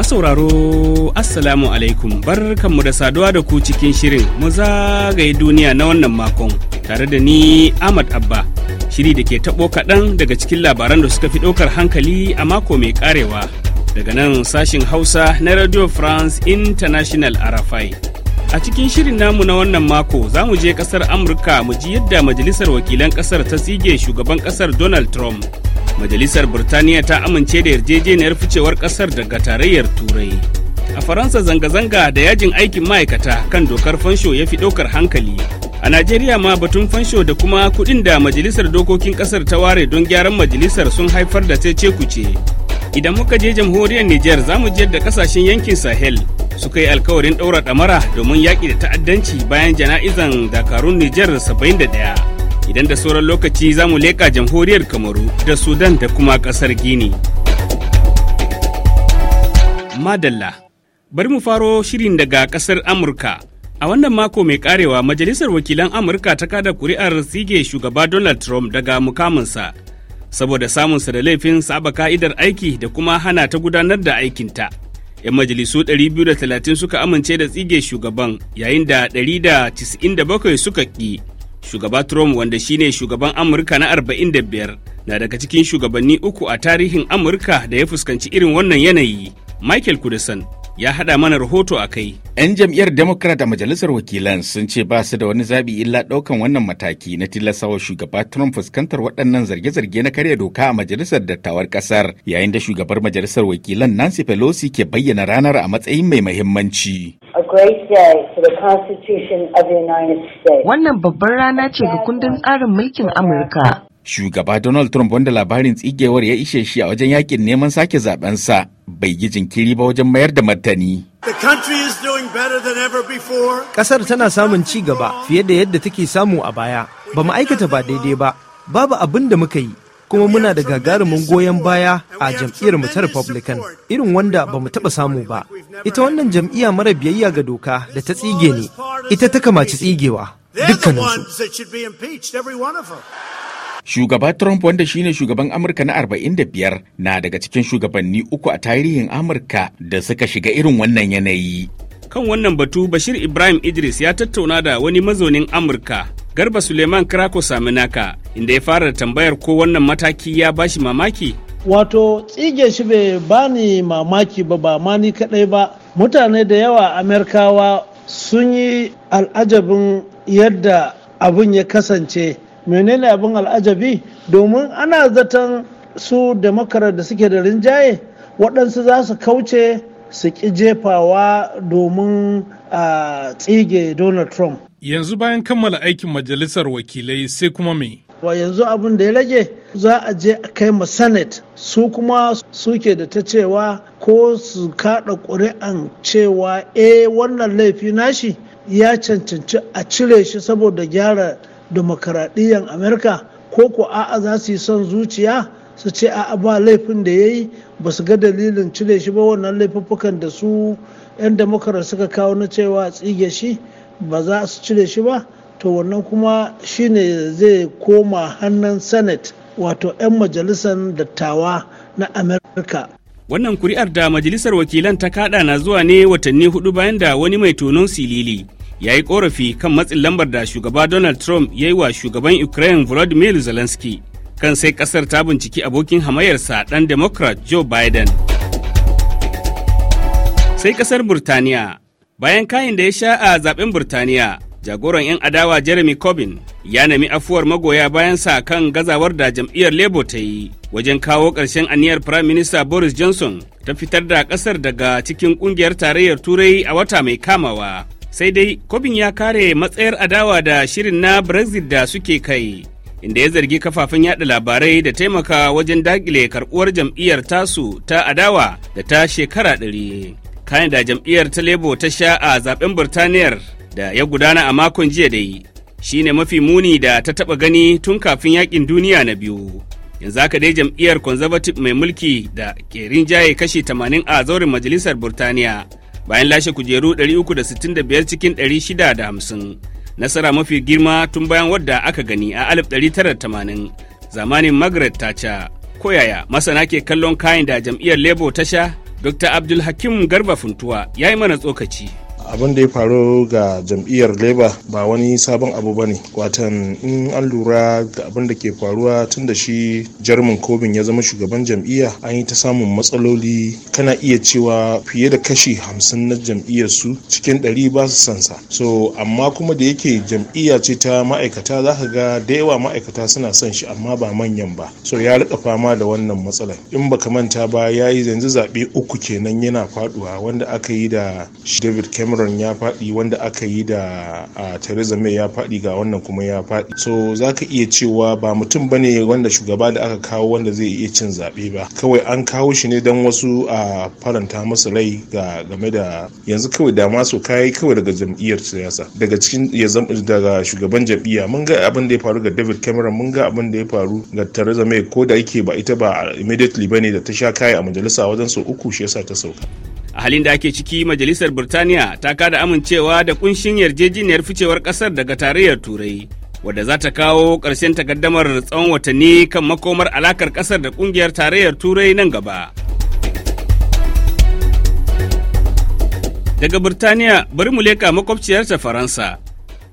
masauraro sauraro Assalamu alaikum kanmu da saduwa da ku cikin shirin mu zagaye duniya na wannan makon tare da ni Ahmad Abba shiri da ke tabo kaɗan daga cikin labaran da suka fi ɗaukar hankali a mako mai karewa daga nan sashin Hausa na Radio France International arafai A cikin shirin namu na wannan mako za mu je kasar Amurka mu ji yadda Majalisar Wakilan kasar ta tsige shugaban kasar Donald Trump Majalisar Burtaniya ta amince da yarjejeniyar ficewar kasar daga tarayyar Turai. A Faransa zanga-zanga da yajin aikin ma'aikata kan dokar fansho ya fi ɗaukar hankali. A Najeriya ma batun fansho da kuma kuɗin da Majalisar Dokokin ƙasar ta ware don gyaran majalisar sun haifar da ku ce. Idan muka je jamhuriyar Nijar za mu je da kasashen yankin Sahel suka yi alkawarin ɗaura ɗamara domin yaƙi da ta'addanci bayan jana'izan dakarun Nijar 71. idan da sauran lokaci za mu leƙa jamhuriyar kamaru da sudan da kuma ƙasar gini madalla bari mu faro shirin daga ƙasar amurka a wannan mako mai karewa majalisar wakilan amurka ta kada kuri'ar tsige shugaba donald trump daga mukaminsa saboda samunsa da laifin saba ka'idar aiki da kuma hana ta gudanar da aikinta 'yan majalisu 230 suka amince da tsige shugaban yayin da 197 suka ƙi Shugaba Trump wanda shine shugaban Amurka na 45 na daga cikin shugabanni uku a tarihin Amurka da ya fuskanci irin wannan yanayi. Michael Kudisan ya hada mana rahoto a kai. 'Yan jam'iyyar Democrat a Majalisar Wakilan sun ce ba su da wani zabi illa ɗaukan wannan mataki na tilasawa shugaba Trump fuskantar waɗannan zarge-zarge na karya doka a Majalisar Dattawar ƙasar, yayin da shugabar Majalisar Wakilan Nancy Pelosi ke bayyana ranar a matsayin mai muhimmanci. Wannan babbar rana ce ga kundin tsarin mulkin Amurka. Shugaba Donald Trump wanda labarin tsigewar ya ishe shi a wajen yakin neman sake zabensa bai yi jinkiri ba wajen mayar da martani. Kasar tana samun ci gaba fiye da yadda take samu a baya. Ba mu aikata ba daidai ba, babu abin da muka yi. kuma muna da gagarumin goyon baya a jam'iyyar mu ta Republican irin wanda ba mu taɓa samu ba. Ita wannan jam'iyya mara biyayya ga doka da ta tsige ne, ita ta kamaci tsigewa dukkaninsu. Shugaba Trump wanda shine shugaban Amurka na 45 na daga cikin shugabanni uku a tarihin Amurka da suka shiga irin wannan yanayi. Kan wannan batu Bashir Ibrahim Idris ya tattauna da wani mazaunin Amurka Garba Suleiman Krako naka inda ya fara tambayar ko wannan mataki ya bashi mamaki. Wato tsige shi bai bani mamaki ba ba ma ni kaɗai ba. Mutane da yawa Amerikawa sun yi al'ajabin yadda abin ya kasance. Menene abin al'ajabi? Domin ana zaton su demokrat da suke da rinjaye waɗansu za su kauce su ƙi jefawa domin a ah, tsige Donald Trump. Yanzu bayan kammala aikin majalisar wakilai sai kuma me? Wa yanzu abin da ya rage za a je a kai ma Senate su kuma suke da ta cewa ko su kaɗa ƙuri'an cewa eh wannan laifi nashi ya cancanci a cire shi saboda gyara demokaradiyyar Amerika ko ku a'a za su yi son zuciya su ce a'a ba laifin da ya yi ba su ga dalilin cire shi ba wannan laifuffukan da su 'yan demokarar suka kawo na cewa tsige shi ba za su cire shi ba to wannan kuma shine zai koma hannun senate wato 'yan majalisar dattawa na amerika wannan kuri'ar da majalisar wakilan ta kada na zuwa ne watanni hudu bayan da wani mai tonon silili ya yi korafi kan matsin lambar da shugaba donald trump ya yi wa shugaban ukraine volodymyr zelensky kan sai kasar ta binciki abokin hamayarsa dan democrat joe biden sai kasar burtaniya Bayan kayan da ya sha a zaben Burtaniya, jagoran 'yan adawa Jeremy Corbyn ya nemi afuwar magoya bayansa kan gazawar da jam'iyyar Labour ta yi wajen kawo ƙarshen aniyar Prime Minister Boris Johnson ta fitar da ƙasar daga cikin ƙungiyar tarayyar Turai a wata mai kamawa. Sai dai Corbyn ya kare matsayar adawa da shirin na Brexit da suke kai. inda ya zargi kafafen yaɗa labarai da taimaka wajen dakile karɓuwar jam'iyyar tasu ta adawa da ta shekara ɗari. kayan da jam'iyyar ta lebo ta sha a zaben birtaniyar da ya gudana a makon jiya da yi shine mafi muni da ta taba gani tun kafin yakin duniya na biyu yanzu haka dai jam'iyyar conservative mai mulki da ke rinjaye kashi 80 a zaurin majalisar Birtaniya, bayan lashe kujeru 365 cikin 650 nasara mafi girma tun bayan wadda aka gani a 1980 zamanin margaret thatcher koyaya masana ke kallon kayan da jam'iyyar labour ta sha Dr. Hakim Garba Funtuwa ya yi mana tsokaci. abin da ya faru ga jam'iyyar labour ba wani sabon abu ba ne watan in an lura ga abin da ke faruwa tun da shi Jarumin kobin ya zama shugaban jam'iyya an yi ta samun matsaloli kana iya cewa fiye da kashi hamsin na jam'iyyar su cikin ɗari ba su sansa so amma kuma da yake jam'iyya ce ta ma'aikata za ka ga da yawa ma'aikata suna son shi amma ba manyan ba so ya rika fama da wannan matsalar in baka manta ba ya yi yanzu zaɓe uku kenan yana faɗuwa, wanda aka yi da david cameron cameron ya faɗi wanda aka yi da a theresa may ya faɗi ga wannan kuma ya faɗi so za ka iya cewa ba mutum ba ne wanda shugaba da aka kawo wanda zai iya cin zaɓe ba kawai an kawo shi ne don wasu a faranta masa rai ga game da yanzu kawai da masu kayi kawai daga jam'iyyar siyasa daga cikin ya daga shugaban jam'iyya mun ga abin da ya faru ga david cameron mun ga abin da ya faru ga theresa may ko da yake ba ita ba immediately bane da ta sha kayi a majalisa wajen sau uku shi yasa ta sauka a halin da ake ciki majalisar birtaniya ta kada amincewa da kunshin yarjejeniyar ficewar kasar daga tarayyar turai wadda za ta kawo ƙarshen takaddamar tsawon watanni kan makomar alakar kasar da kungiyar tarayyar turai nan gaba daga birtaniya bari mu leka makwabciyarta faransa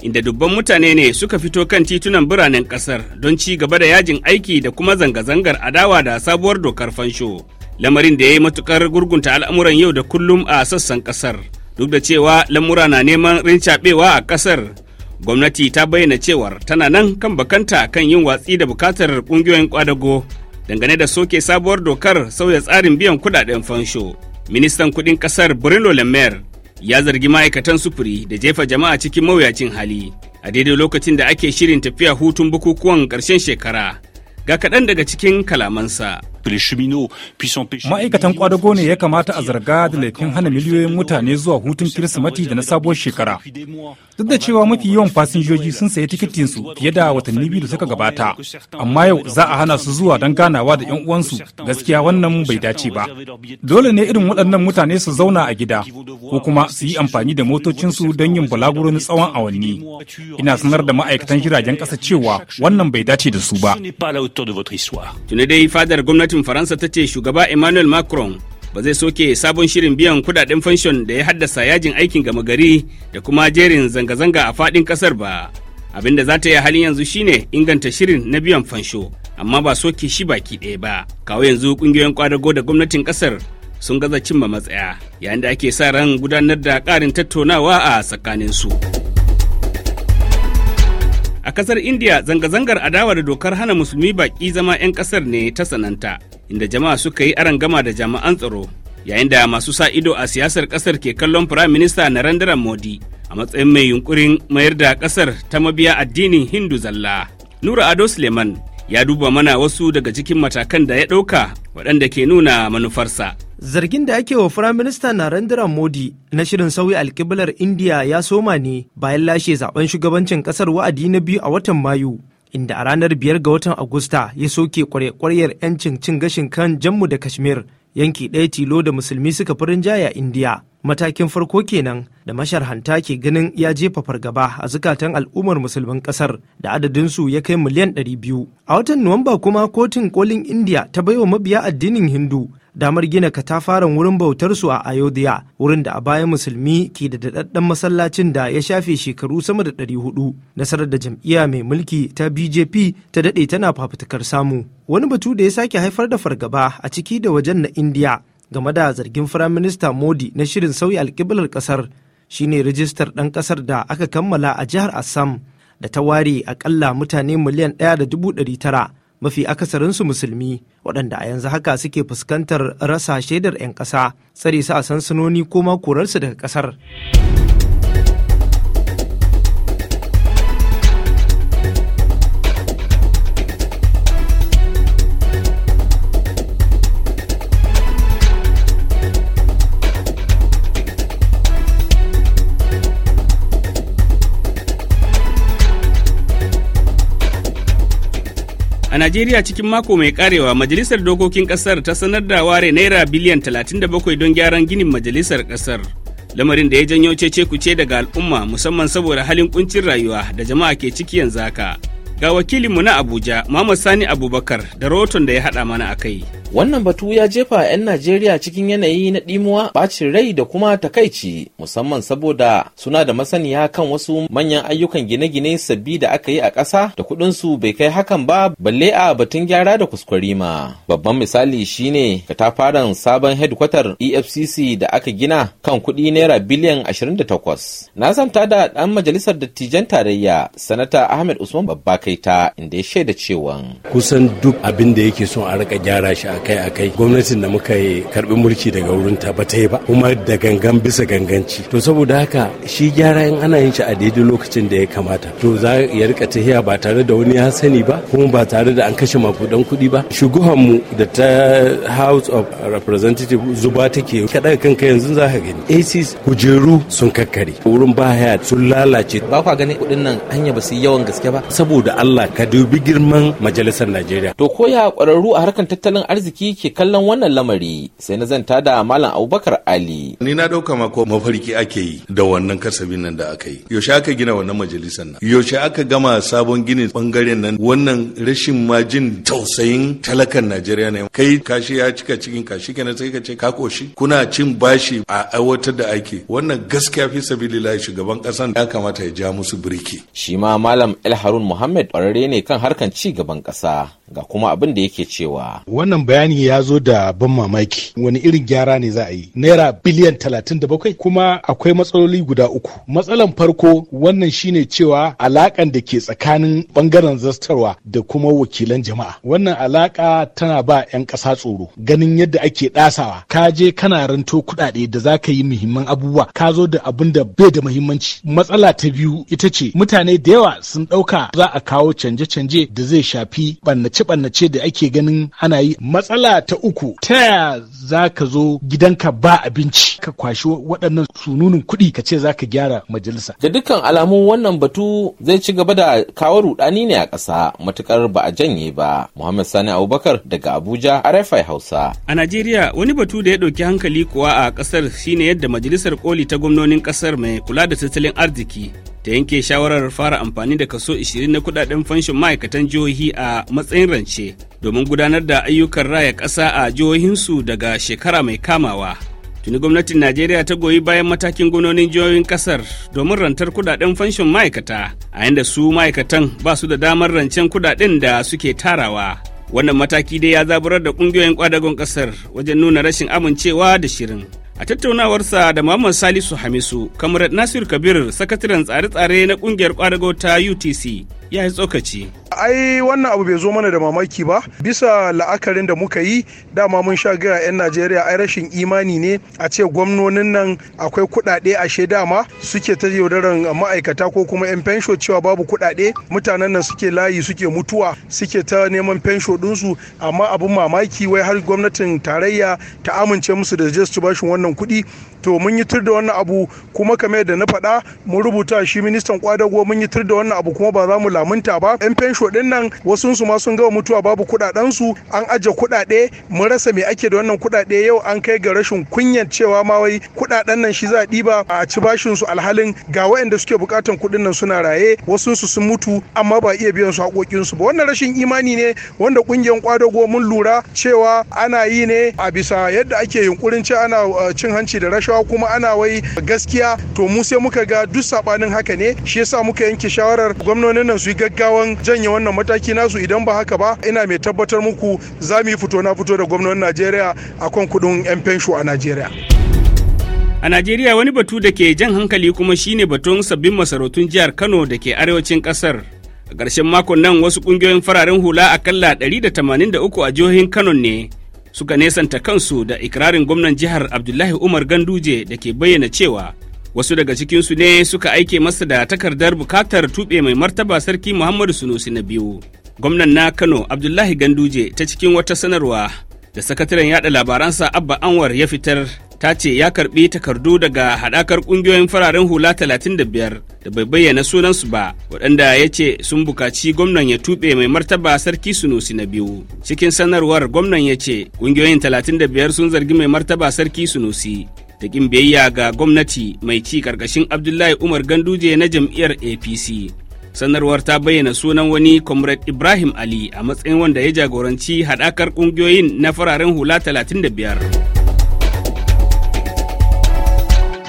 inda dubban mutane ne suka fito kan titunan biranen kasar don ci gaba da yajin aiki da kuma zanga-zangar adawa da sabuwar dokar fansho lamarin da ya yi matukar gurgunta al'amuran yau da kullum a sassan kasar duk da cewa lamura na neman rincaɓewa a kasar gwamnati ta bayyana cewar tana nan kan bakanta kan yin watsi da bukatar ƙungiyoyin kwadago dangane da soke sabuwar dokar sauya tsarin biyan kudaden fansho ministan kudin kasar bruno lemer ya zargi ma'aikatan sufuri da jefa jama'a cikin mawuyacin hali a daidai lokacin da ake shirin tafiya hutun bukukuwan ƙarshen shekara ga kaɗan daga cikin kalamansa Ma'aikatan kwadago ne ya kamata a zarga da laifin hana miliyoyin mutane zuwa hutun Kirsimati da na sabuwar shekara. Duk da cewa mafi yawan fasinjoji sun sayi tikitinsu fiye da watanni biyu da suka gabata, amma yau za a hana su zuwa don ganawa da 'yan uwansu gaskiya wannan bai dace ba. Dole ne irin waɗannan mutane su zauna a gida ko kuma su yi amfani da motocinsu don yin balaguro na tsawon awanni. Ina sanar da ma'aikatan jiragen ƙasa cewa wannan bai dace da su ba. fadar gwamnatin faransa ta ce shugaba emmanuel macron ba zai soke sabon shirin biyan kudaden fanshon da ya haddasa yajin aikin gama gari da kuma jerin zanga-zanga a fadin kasar ba abin da za ta yi halin yanzu shine inganta shirin na biyan fansho amma ba soke shi baki ɗaya ba kawo yanzu ƙungiyoyin kwadago da gwamnatin kasar sun gaza cimma matsaya yayin da ake sa ran gudanar da ƙarin tattaunawa a tsakaninsu. su A kasar India zanga-zangar adawa da dokar hana musulmi baƙi zama 'yan kasar ne ta sananta, inda jama'a suka yi gama da jama'an tsaro, yayin da masu sa ido a siyasar kasar ke kallon Firayim Minista Narendra Modi a matsayin mai yunkurin mayar da kasar ta mabiya addinin Hindu zalla. Nura Ado Suleiman ya duba mana wasu daga cikin matakan da ya ɗauka waɗanda ke nuna manufarsa. Zargin da ake wa Firaminista Narendra Modi na shirin sauya alkiblar indiya ya soma ne bayan lashe zaben shugabancin ƙasar wa'adi na biyu a watan Mayu, inda a ranar biyar ga watan Agusta ya soke kwarya-kwaryar 'yancin cin gashin kan Jammu da Kashmir yanki ɗaya tilo da musulmi suka fi jaya indiya matakin farko kenan da masharhanta ke ganin ya jefa fargaba a zukatan al'ummar musulmin kasar da adadinsu ya kai miliyan 200 a watan nuwamba kuma kotun kolin indiya ta baiwa mabiya addinin hindu damar gina katafaren wurin bautarsu a Ayodhya, wurin da a baya musulmi ke da daɗaɗɗen masallacin da ya shafe shekaru sama da 400. Nasarar da jam'iyya mai mulki ta BJP ta daɗe tana fafutukar samu. Wani batu da ya sake haifar da fargaba a ciki da wajen na India game da zargin Firaminista Modi na shirin sauya alƙiblar ƙasar shine rijistar ɗan ƙasar da aka kammala a jihar Assam da ta ware akalla mutane miliyan ɗaya da dubu ɗari tara mafi akasarinsu musulmi waɗanda a yanzu haka suke fuskantar rasa shaidar 'yan ƙasa tsare su a sansanoni ko ma korarsu daga ƙasar. A Najeriya cikin mako mai karewa Majalisar Dokokin Kasar ta sanar da ware Naira biliyan 37 don gyaran ginin Majalisar Kasar. Lamarin da ya janyo cece kuce daga al'umma musamman saboda halin kuncin rayuwa da jama'a ke ciki yanzu haka. Ga wakilinmu na Abuja, Mama Sani Abubakar, da rahoton da ya haɗa mana a kai. Wannan batu ya jefa 'yan Najeriya cikin yanayi na ɗimuwa, bacin rai da kuma takaici, musamman saboda suna da masaniya kan wasu manyan ayyukan gine-gine sabbi da aka yi a ƙasa da kuɗinsu bai kai hakan ba balle a batun gyara da ma Babban misali shine katafaren sabon hedkwatar EFCC da aka gina kan kuɗi naira biliyan 28. Na zanta da ɗan majalisar dattijan tarayya, Sanata Ahmed Usman Babba kai ta inda ya shaida cewa kusan duk abin da yake son a rika gyara shi akai akai gwamnatin da muka yi karbi mulki daga wurin ta ba ta yi ba kuma da gangan bisa ganganci to saboda haka shi gyara in ana yin shi a daidai lokacin da ya kamata to za ya rika tahiya ba tare da wani ya sani ba kuma ba tare da an kashe makudan kuɗi ba shuguhan mu da ta house of representative zuba take kaɗa kanka yanzu za ka gani ac kujeru sun kakkare wurin bahaya sun lalace ba kwa ganin kuɗin nan hanya ba su yi yawan gaske ba saboda Allah ka dubi girman majalisar Najeriya. To ko ya ƙwararru a harkar tattalin arziki ke kallon wannan lamari sai na zanta da Malam Abubakar Ali. Ni na ɗauka mako mafarki ake yi da wannan kasabin nan da aka yi. Yaushe aka gina wannan majalisar nan? Yaushe aka gama sabon ginin bangaren nan wannan rashin majin tausayin talakan Najeriya ne. Kai kashi ya cika cikin kashi kenan sai ka ce ka koshi. Kuna cin bashi a aiwatar da ake? Wannan gaskiya fi sabilillahi shugaban kasan ya kamata ya ja musu birki. Shi ma Malam El Harun Muhammad ƙwararre ne kan harkan ci gaban ƙasa ga kuma abin da yake cewa. Wannan bayani ya zo da ban mamaki wani irin gyara ne za a yi naira biliyan talatin da bakwai kuma akwai matsaloli guda uku. Matsalan farko wannan shine cewa alakan da ke tsakanin bangaren zastarwa da kuma wakilan jama'a. Wannan alaka tana ba 'yan ƙasa tsoro ganin yadda ake ɗasawa ka je kana ranto kuɗaɗe da za ka yi muhimman abubuwa ka zo da abin da bai da muhimmanci. Matsala ta biyu ita ce mutane da yawa sun ɗauka za a kawo canje-canje da zai shafi ɓannace-ɓannace da ake ganin ana yi matsala ta uku ta za ka zo gidanka ba abinci ka kwashi waɗannan sununin kuɗi ka ce za ka gyara majalisa da dukkan alamu wannan batu zai ci gaba da kawo rudani ne a ƙasa matukar ba a janye ba muhammad sani abubakar daga abuja rfi hausa a najeriya wani batu da ya ɗauki hankali kuwa a ƙasar shine yadda majalisar koli ta gwamnonin ƙasar mai kula da tattalin arziki ta yanke shawarar fara amfani da kaso 20 na kudaden fanshon ma'aikatan jihohi a matsayin rance domin gudanar da ayyukan raya ƙasa a jihohinsu daga shekara mai kamawa. Tuni gwamnatin Najeriya ta goyi bayan matakin gwamnonin jihohin kasar domin rantar kudaden fanshon ma'aikata, a yanda su ma'aikatan ba su da damar rancen kudaden da suke tarawa. Wannan mataki dai ya zaburar da ƙungiyoyin ƙwadagon ƙasar wajen nuna rashin amincewa da shirin. A tattaunawarsa da Muhammad Salisu Hamisu, kamar Nasiru Kabir, sakataren tsare-tsare na kungiyar kwadago ta UTC, ya yi tsokaci. ai wannan abu bai zo mana da mamaki ba bisa la'akarin da muka yi dama mun sha gaya 'yan najeriya ai rashin imani ne a ce gwamnonin nan akwai kuɗaɗe she dama suke ta yaudaran ma'aikata ko kuma 'yan fensho cewa babu kuɗaɗe mutanen nan suke layi suke mutuwa suke ta neman fensho ɗinsu amma abin mamaki wai har gwamnatin tarayya ta amince musu da just to bashin wannan kuɗi to mun yi tur da wannan abu kuma kamar yadda na faɗa mun rubuta shi ministan kwadago mun yi tur da wannan abu kuma ba za mu lamunta ba yan fensho din nan wasu su ma sun gama mutuwa babu kudaden su an aje kudade mun rasa me ake da wannan kudade yau an kai ga rashin kunyan cewa ma wai kudaden nan shi za a diba a ci bashin su alhalin ga waɗanda suke bukatan kudin nan suna raye wasu su sun mutu amma ba iya biyan su haƙoƙin su ba wannan rashin imani ne wanda kungiyar kwadago mun lura cewa ana yi ne a bisa yadda ake yunkurin ce ana uh, cin hanci da rashawa kuma ana wai gaskiya to mu sai muka ga duk sabanin haka ne shi yasa muka yanke shawarar gwamnonin nan su su yi gaggawan janye wannan mataki nasu idan ba haka ba ina mai tabbatar muku za mu yi fito na fito da gwamnan najeriya a akan kuɗin 'yan fensho a najeriya A Najeriya wani batu da ke jan hankali kuma shine batun sabbin masarautun jihar Kano da ke arewacin ƙasar. A ƙarshen makon nan wasu ƙungiyoyin fararen hula akalla 183 a jihohin Kano ne suka nesanta kansu da ikirarin gwamnan jihar Abdullahi Umar Ganduje da ke bayyana cewa wasu daga cikinsu ne suka aike masa da takardar bukatar tuɓe mai martaba sarki muhammadu sunusi na biyu gwamnan na kano abdullahi ganduje ta cikin wata sanarwa da sakataren yada labaransa abba anwar ya fitar ta ce ya karbi takardu daga hadakar ƙungiyoyin fararen hula 35 da bai bayyana sunansu ba waɗanda ya ce sun bukaci gwamnan ya tuɓe mai martaba sarki sunusi na biyu cikin sanarwar gwamnan ya ce ƙungiyoyin 35 sun zargi mai martaba sarki sunusi da ƙin biyayya ga gwamnati mai ci karkashin abdullahi umar ganduje na jam'iyyar apc sanarwar ta bayyana sunan wani comrade ibrahim ali a matsayin wanda ya jagoranci haɗakar ƙungiyoyin na fararen hula 35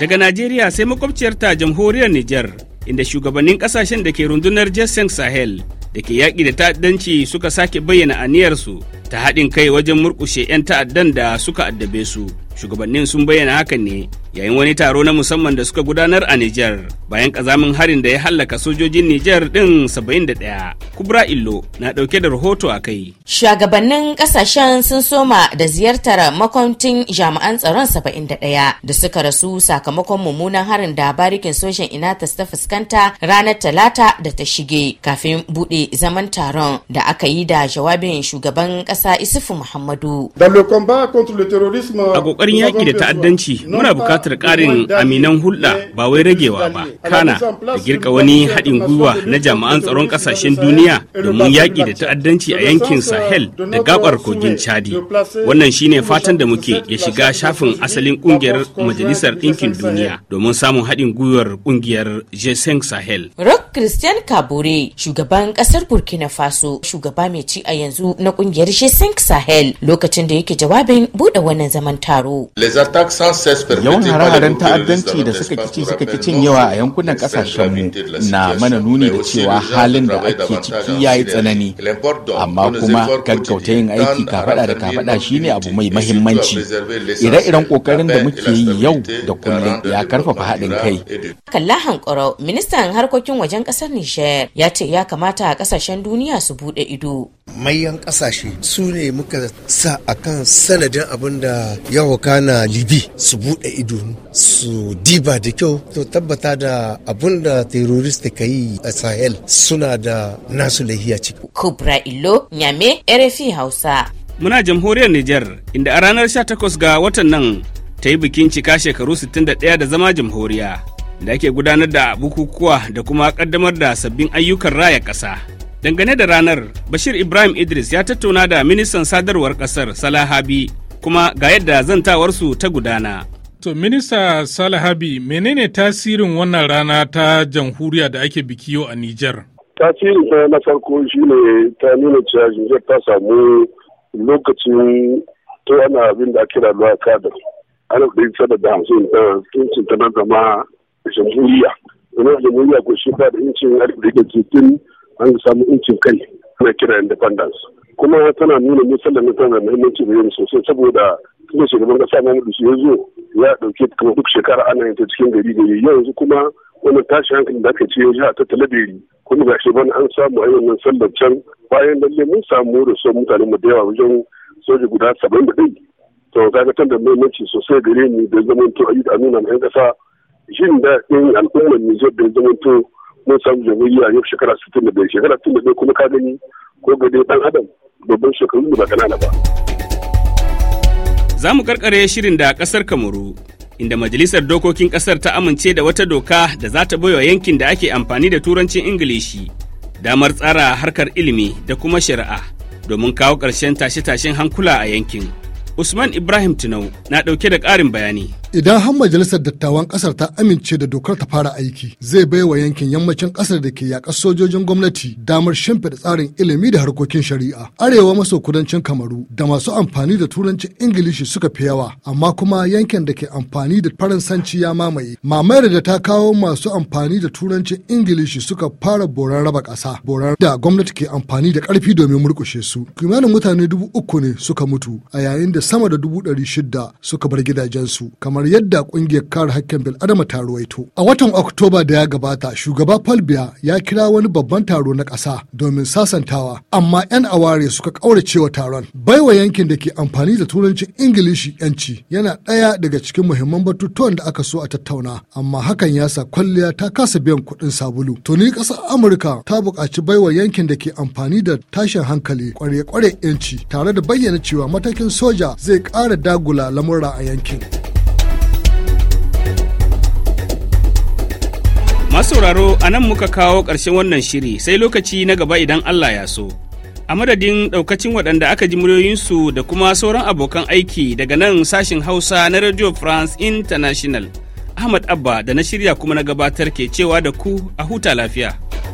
daga najeriya sai makwabciyar ta jamhuriyar niger inda shugabannin kasashen da ke rundunar jason sahel da ke yaƙi da ta'addanci suka sake bayyana aniyarsu ta haɗin kai wajen murƙushe 'yan ta'addan da suka addabe su shugabannin sun bayyana hakan ne yayin wani taro na musamman da suka gudanar a Nijar bayan kazamin harin da ya hallaka sojojin Nijar ɗin 71. Kubra Illo na ɗauke da rahoto a kai. Shugabannin ƙasashen sun soma da ziyartar makwantin jami'an tsaron 71 da suka rasu sakamakon mummunan harin da barikin sojan Inatas ta fuskanta ranar Talata da ta shige kafin buɗe zaman taron da aka yi da jawabin shugaban ƙasa Isufu Muhammadu. A kokarin yaƙi da ta'addanci muna buƙatar buƙatar ƙarin aminan hulɗa ba wai ragewa ba kana da girka wani haɗin gwiwa na jami'an tsaron ƙasashen duniya domin yaƙi da ta'addanci a yankin sahel da gabar kogin chadi wannan shine fatan da muke ya shiga shafin asalin ƙungiyar majalisar ɗinkin duniya domin samun haɗin gwiwar ƙungiyar g sahel rock christian kabore shugaban ƙasar burkina faso shugaba mai ci a yanzu na ƙungiyar g sahel lokacin da yake jawabin buɗe wannan zaman taro Yawan hare-haren ta'addanci da suka kici suka kicin yawa a yankunan mu na mana nuni da cewa halin da ake ciki ya yi tsanani amma kuma gaggauta yin aiki kafaɗa da kafaɗa shine abu mai mahimmanci ire-iren kokarin da muke yi yau da kullum ya karfafa haɗin kai kalla hankoro ministan harkokin wajen ƙasar niger ya ce ya kamata a ƙasashen duniya su buɗe ido mayan ƙasashe su ne muka sa akan sanadin abin da yawa kana libi su buɗe ido su diba da kyau to tabbata da abun da terrorist ka yi a sahel suna da nasu lahiya ciki. kubra ilo nyame rfi hausa muna jamhuriyar niger inda a ranar 18 ga watan nan ta yi bikin cika shekaru 61 da zama jamhuriya da ake gudanar da bukukuwa da kuma kaddamar da sabbin ayyukan raya ƙasa. dangane da ranar bashir ibrahim idris ya tattauna da ministan sadarwar kasar salahabi kuma ga yadda zantawarsu ta gudana To, Minista Salahabi, menene tasirin wannan rana ta jamhuriya da ake biki yau a Nijar? Tasirin ta na farko shi ne ta nuna cewa Nijar ta samu lokacin ta wani abin da kira ruwa da Alif ɗari sada da hamsin da eh, tuncin ta na zama jamhuriya. Wani jamhuriya ko shi da incin alif ɗari da jikin an samu incin kai na kira independence. Kuma tana nuna misalin mutane da muhimmanci da yin sosai saboda kuma shugaban kasa Muhammadu su ya zo ya dauke kuma duk shekara ana yin ta cikin gari gari yanzu kuma wannan tashi hankali da aka ce ya jiha ta talabiri kuma ga shi bana an samu ayyukan nan sallar can bayan lalle mun samu da son mutane mu da yawa wajen soja guda saba'in da ɗai to ga tan da muhimmanci sosai gare ni da zaman to ayyuka nuna ma 'yan kasa jin daɗin al'ummar Nijar da zaman to mun samu jamhuriya yau shekara sittin da shekara 61 kuma ka gani ko ga dai dan adam babban shekaru ba kanana ba. Za mu karkare shirin da kasar Kamaru, inda Majalisar Dokokin kasar ta amince da wata doka da za ta baiwa yankin da ake amfani da Turancin Ingilishi damar tsara harkar ilimi da kuma shari'a domin kawo ƙarshen tashe-tashen hankula a yankin. Usman Ibrahim Tinau na ɗauke da ƙarin bayani. Idan har majalisar dattawan ƙasar ta amince da dokar ta fara aiki zai bai wa yankin yammacin ƙasar da ke yaƙar sojojin gwamnati damar shimfiɗa tsarin ilimi da harkokin shari'a. Arewa maso kudancin Kamaru da masu amfani da turancin Ingilishi suka fi yawa amma kuma yankin da ke amfani da Faransanci ya mamaye. Mamayar da ta kawo masu amfani da turancin Ingilishi suka fara boran raba ƙasa boran da gwamnati ke amfani da ƙarfi domin murƙushe su. Kimanin mutane dubu uku ne suka mutu a yayin da sama da dubu ɗari shida suka bar gidajensu kamar yadda ƙungiyar kare hakkin bil'adama ta ruwaito. A watan Oktoba da ya gabata shugaba Falbiya ya kira wani babban taro na ƙasa domin sasantawa amma 'yan aware suka ƙauracewa taron. Baiwa yankin da ke amfani da turancin Ingilishi 'yanci yana ɗaya daga cikin muhimman batutuwan da aka so a tattauna amma hakan ya sa kwalliya ta kasa biyan kuɗin sabulu. Tuni ƙasar Amurka ta buƙaci baiwa yankin da ke amfani da tashin hankali kware-kware 'yanci tare da bayyana cewa matakin soja zai ƙara dagula lamura a yankin. masu masauraro a nan muka kawo ƙarshen wannan shiri sai lokaci na gaba idan Allah ya so. A madadin ɗaukacin waɗanda aka ji muryoyinsu da kuma sauran abokan aiki daga nan sashin Hausa na Radio France International, Ahmad Abba da na shirya kuma na gabatar ke cewa da ku a huta lafiya.